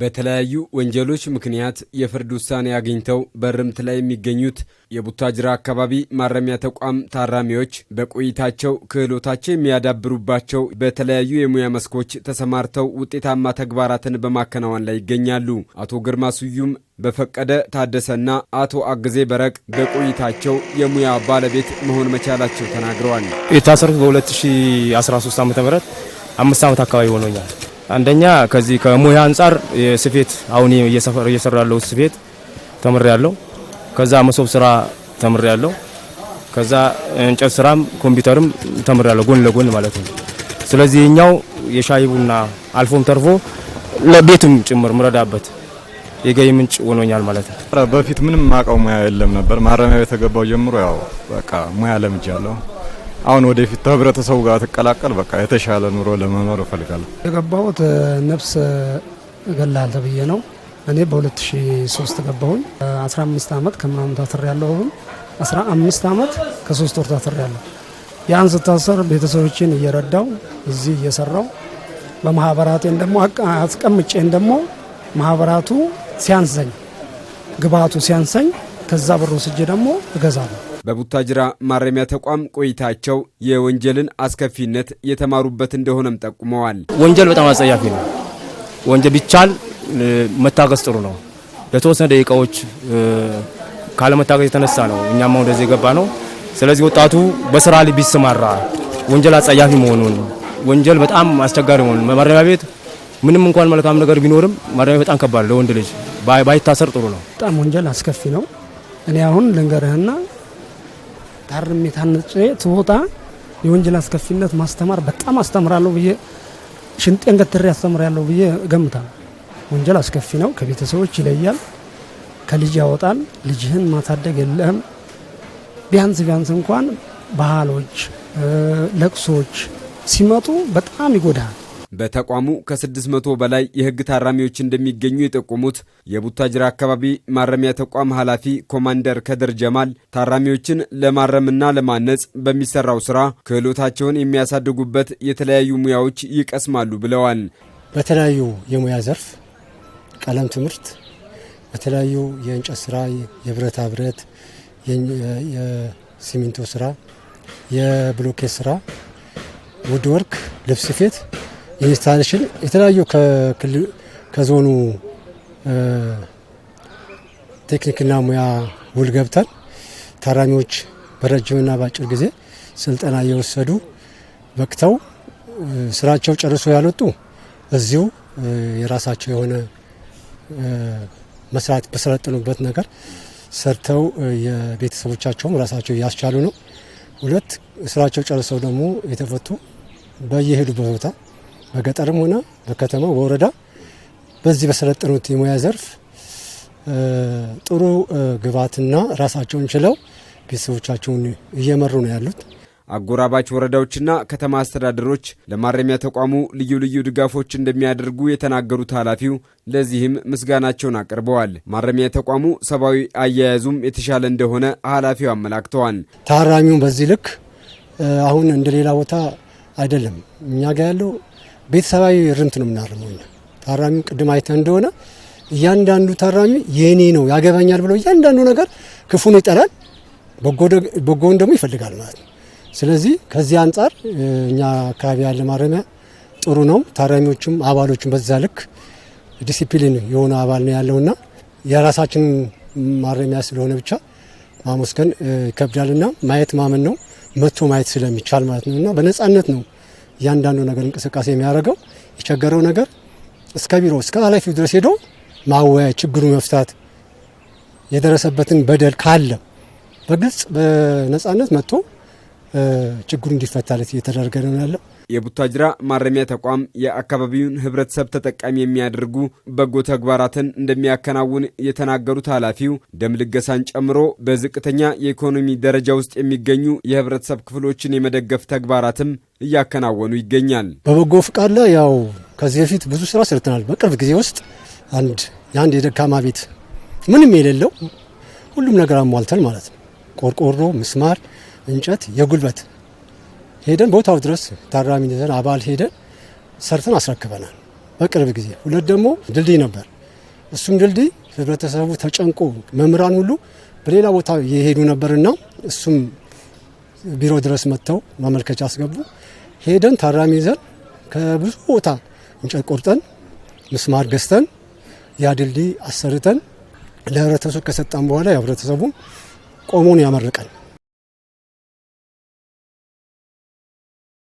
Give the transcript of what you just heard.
በተለያዩ ወንጀሎች ምክንያት የፍርድ ውሳኔ አግኝተው በርምት ላይ የሚገኙት የቡታጅራ አካባቢ ማረሚያ ተቋም ታራሚዎች በቆይታቸው ክህሎታቸው የሚያዳብሩባቸው በተለያዩ የሙያ መስኮች ተሰማርተው ውጤታማ ተግባራትን በማከናወን ላይ ይገኛሉ። አቶ ግርማ ስዩም በፈቀደ ታደሰና አቶ አግዜ በረቅ በቆይታቸው የሙያ ባለቤት መሆን መቻላቸው ተናግረዋል። የታሰርኩት በ2013 ዓ ም አምስት ዓመት አካባቢ ሆኖኛል። አንደኛ ከዚህ ከሙያ አንጻር የስፌት አሁን እየሰራ ያለው ስፌት ተምር ያለው ከዛ መሶብ ስራ ተምር ያለው ከዛ እንጨት ስራም ኮምፒውተርም ተምር ያለው ጎን ለጎን ማለት ነው። ስለዚህ እኛው የሻይ ቡና አልፎም ተርፎ ለቤትም ጭምር ምረዳበት የገይ ምንጭ ሆኖኛል ማለት ነው። በፊት ምንም ማቀው ሙያ የለም ነበር። ማረሚያ ቤት ተገባው ጀምሮ ያው በቃ ሙያ ለምጃለሁ። አሁን ወደፊት ከህብረተሰቡ ጋር ትቀላቀል በቃ የተሻለ ኑሮ ለመኖር እፈልጋለሁ። የገባሁት ነፍስ ገላል ተብዬ ነው። እኔ በ2003 ገባሁኝ። 15 ዓመት ከምናምን ታስሬ ያለሁ። 15 ዓመት ከሶስት ወር ታስሬ ያለሁ። ያን ስታሰር ቤተሰቦችን እየረዳው እዚህ እየሰራው በማህበራቴን ደግሞ አስቀምጬን ደግሞ ማህበራቱ ሲያንሰኝ ግብአቱ ሲያንሰኝ ከዛ ብር ወስጄ ደግሞ እገዛለሁ። በቡታጅራ ማረሚያ ተቋም ቆይታቸው የወንጀልን አስከፊነት የተማሩበት እንደሆነም ጠቁመዋል። ወንጀል በጣም አጸያፊ ነው። ወንጀል ቢቻል መታገስ ጥሩ ነው። ለተወሰነ ደቂቃዎች ካለመታገስ የተነሳ ነው እኛም አሁን የገባ ነው። ስለዚህ ወጣቱ በስራ ላይ ቢሰማራ ወንጀል አጸያፊ መሆኑን ወንጀል በጣም አስቸጋሪ መሆኑን ማረሚያ ቤት ምንም እንኳን መልካም ነገር ቢኖርም ማረሚያ በጣም ከባድ ለወንድ ልጅ ባይታሰር ጥሩ ነው። በጣም ወንጀል አስከፊ ነው። እኔ አሁን ልንገርህና ታርሜ ታንጬ ትቦታ የወንጀል አስከፊነት ማስተማር በጣም አስተምራለሁ ብዬ ሽንጤን ገትሬ አስተምራለሁ ብዬ ገምታለሁ። ወንጀል አስከፊ ነው። ከቤተሰቦች ይለያል፣ ከልጅ ያወጣል። ልጅህን ማሳደግ የለህም። ቢያንስ ቢያንስ እንኳን ባህሎች፣ ለቅሶች ሲመጡ በጣም ይጎዳል። በተቋሙ ከ600 በላይ የህግ ታራሚዎች እንደሚገኙ የጠቆሙት የቡታጅራ አካባቢ ማረሚያ ተቋም ኃላፊ ኮማንደር ከድር ጀማል ታራሚዎችን ለማረምና ለማነጽ በሚሰራው ስራ ክህሎታቸውን የሚያሳድጉበት የተለያዩ ሙያዎች ይቀስማሉ ብለዋል። በተለያዩ የሙያ ዘርፍ ቀለም ትምህርት፣ በተለያዩ የእንጨት ስራ፣ የብረታ ብረት፣ የሲሚንቶ ስራ፣ የብሎኬት ስራ፣ ውድ ወርክ፣ ልብስ ስፌት ኢንስታሌሽን የተለያዩ ከዞኑ ቴክኒክና ሙያ ውል ገብተን ታራሚዎች በረጅምና በአጭር ጊዜ ስልጠና እየወሰዱ በቅተው ስራቸው ጨርሶ ያልወጡ እዚሁ የራሳቸው የሆነ መስራት በሰለጠኑበት ነገር ሰርተው የቤተሰቦቻቸውም ራሳቸው እያስቻሉ ነው። ሁለት ስራቸው ጨርሰው ደግሞ የተፈቱ በየሄዱበት ቦታ በገጠርም ሆነ በከተማ በወረዳ በዚህ በሰለጠኑት የሙያ ዘርፍ ጥሩ ግብዓትና ራሳቸውን ችለው ቤተሰቦቻቸውን እየመሩ ነው ያሉት። አጎራባች ወረዳዎችና ከተማ አስተዳደሮች ለማረሚያ ተቋሙ ልዩ ልዩ ድጋፎች እንደሚያደርጉ የተናገሩት ኃላፊው ለዚህም ምስጋናቸውን አቅርበዋል። ማረሚያ ተቋሙ ሰብአዊ አያያዙም የተሻለ እንደሆነ ኃላፊው አመላክተዋል። ታራሚውን በዚህ ልክ አሁን እንደሌላ ቦታ አይደለም እኛ ጋ ያለው ቤተሰባዊ እርምት ነው የምናርመው እኛ። ታራሚው ቅድም አይተ እንደሆነ እያንዳንዱ ታራሚ የእኔ ነው ያገባኛል ብለው እያንዳንዱ ነገር ክፉን ይጠላል፣ በጎውን ደግሞ ይፈልጋል ማለት ነው። ስለዚህ ከዚህ አንጻር እኛ አካባቢ ያለ ማረሚያ ጥሩ ነው። ታራሚዎቹም አባሎቹም በዛ ልክ ዲሲፕሊን የሆነ አባል ነው ያለውና የራሳችን ማረሚያ ስለሆነ ብቻ ማመስገን ይከብዳልና ማየት ማመን ነው መቶ ማየት ስለሚቻል ማለት ነውና በነጻነት ነው እያንዳንዱ ነገር እንቅስቃሴ የሚያደርገው የቸገረው ነገር እስከ ቢሮ እስከ ኃላፊው ድረስ ሄዶ ማወያ ችግሩ መፍታት የደረሰበትን በደል ካለ በግልጽ በነጻነት መጥቶ ችግሩ እንዲፈታለት እየተደረገ ነው ያለው። የቡታጅራ ማረሚያ ተቋም የአካባቢውን ህብረተሰብ ተጠቃሚ የሚያደርጉ በጎ ተግባራትን እንደሚያከናውን የተናገሩት ኃላፊው ደም ልገሳን ጨምሮ በዝቅተኛ የኢኮኖሚ ደረጃ ውስጥ የሚገኙ የህብረተሰብ ክፍሎችን የመደገፍ ተግባራትም እያከናወኑ ይገኛል። በበጎ ፍቃድ ላይ ያው ከዚህ በፊት ብዙ ስራ ሰርተናል። በቅርብ ጊዜ ውስጥ አንድ የአንድ የደካማ ቤት ምንም የሌለው ሁሉም ነገር አሟልተን ማለት ነው ቆርቆሮ፣ ምስማር እንጨት የጉልበት ሄደን ቦታው ድረስ ታራሚ ይዘን አባል ሄደን ሰርተን አስረክበናል። በቅርብ ጊዜ ሁለት ደግሞ ድልድይ ነበር። እሱም ድልድይ ህብረተሰቡ ተጨንቆ መምህራን ሁሉ በሌላ ቦታ የሄዱ ነበርና እሱም ቢሮ ድረስ መጥተው ማመልከቻ አስገቡ። ሄደን ታራሚ ይዘን ከብዙ ቦታ እንጨት ቆርጠን ምስማር ገዝተን ያ ድልድይ አሰርተን ለህብረተሰቡ ከሰጣን በኋላ ህብረተሰቡ ቆሞን ያመረቀን